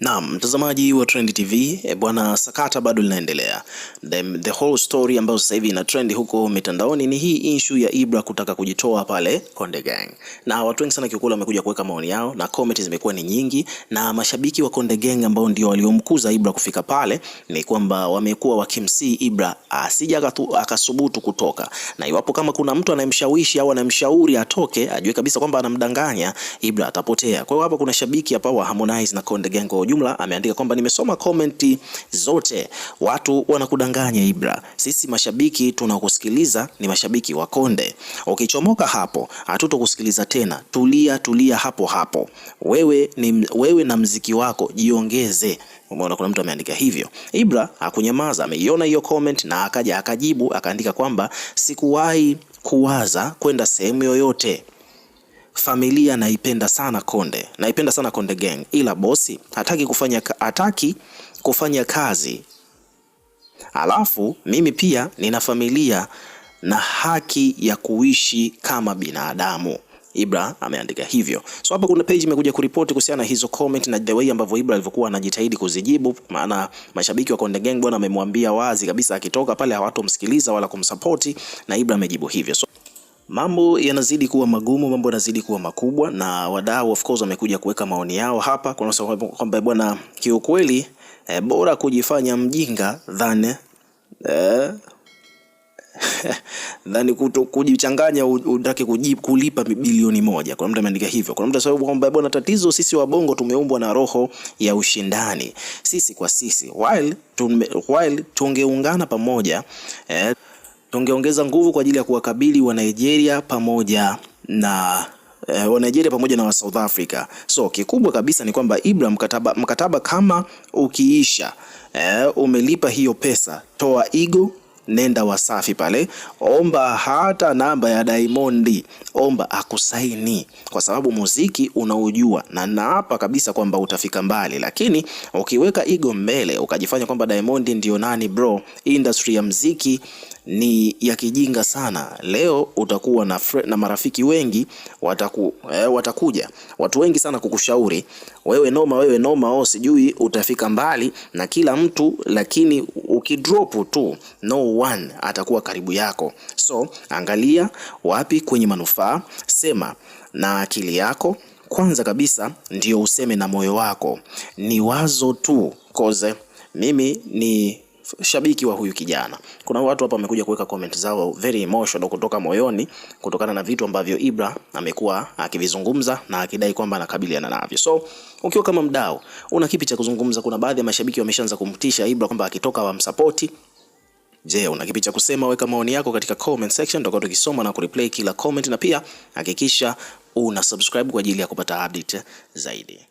Naam, mtazamaji wa Trend TV, e eh, bwana, sakata bado linaendelea. The, the whole story ambayo sasa hivi ina trend huko mitandaoni ni hii issue ya Ibra kutaka kujitoa pale Konde Gang, na watu wengi sana kiukula wamekuja kuweka maoni yao na comments zimekuwa ni nyingi, na mashabiki wa Konde Gang ambao ndio waliomkuza Ibra kufika pale ni kwamba wamekuwa wakimsii Ibra asija akasubutu kutoka, na iwapo kama kuna mtu anayemshawishi au anayemshauri atoke, ajue kabisa kwamba anamdanganya, Ibra atapotea. Kwa hiyo hapa kuna shabiki hapa wa Harmonize na Konde Gang ujumla ameandika kwamba nimesoma komenti zote, watu wanakudanganya Ibra, sisi mashabiki tunakusikiliza, ni mashabiki wa Konde. Ukichomoka hapo hatutokusikiliza tena, tulia tulia hapo hapo, wewe, ni, wewe na mziki wako jiongeze. Umeona, kuna mtu ameandika hivyo. Ibra hakunyamaza, ameiona hiyo comment na akaja akajibu akaandika kwamba sikuwahi kuwaza kwenda sehemu yoyote familia naipenda sana Konde, naipenda sana Konde Gang, ila bosi hataki kufanya, hataki kufanya kazi. Alafu mimi pia nina familia na haki ya kuishi kama binadamu. Ibra ameandika hivyo. So hapa kuna page imekuja kuripoti kuhusiana na hizo comment na the way ambavyo Ibra alivyokuwa anajitahidi kuzijibu, maana mashabiki wa Konde Gang bwana amemwambia wazi kabisa akitoka pale hawatomsikiliza wala kumsapoti na Ibra amejibu hivyo. So, Mambo yanazidi kuwa magumu, mambo yanazidi kuwa makubwa, na wadau of course wamekuja kuweka maoni yao hapa kwamba bwana, kiukweli e, bora kujifanya mjinga than e, than kujichanganya utake kulipa bilioni moja. Kuna mtu ameandika hivyo. Kuna mtu sababu kwamba bwana, tatizo sisi wabongo tumeumbwa na roho ya ushindani sisi kwa sisi, while, tume, while tungeungana pamoja e, tungeongeza nguvu kwa ajili ya kuwakabili wa Nigeria pamoja na eh, wa Nigeria pamoja na wa South Africa. So kikubwa kabisa ni kwamba Ibra, mkataba, mkataba kama ukiisha eh, umelipa hiyo pesa, toa igo nenda Wasafi pale, omba hata namba ya Diamond, omba akusaini, kwa sababu muziki unaujua, na naapa kabisa kwamba utafika mbali. Lakini ukiweka ego mbele ukajifanya kwamba Diamond ndio nani, bro, industry ya muziki ni ya kijinga sana. Leo utakuwa na, na marafiki wengi wataku, eh, watakuja watu wengi sana kukushauri wewe noma, wewe noma, oh sijui utafika mbali na kila mtu, lakini ukidrop tu no one atakuwa karibu yako. So angalia wapi kwenye manufaa, sema na akili yako kwanza kabisa, ndio useme na moyo wako. Ni wazo tu koze, mimi ni shabiki wa huyu kijana. Kuna watu hapa wamekuja kuweka comment zao very emotional kutoka moyoni kutokana na vitu ambavyo Ibra amekuwa akivizungumza na akidai kwamba anakabiliana navyo. So ukiwa kama mdau, una kipi cha kuzungumza? Kuna baadhi ya mashabiki wameshaanza kumtisha Ibra kwamba akitoka wamsapoti. Je, una kipi cha kusema? Weka maoni yako katika comment section, tutakuwa tukisoma na kureplay kila comment, na pia hakikisha una subscribe kwa ajili ya kupata update zaidi.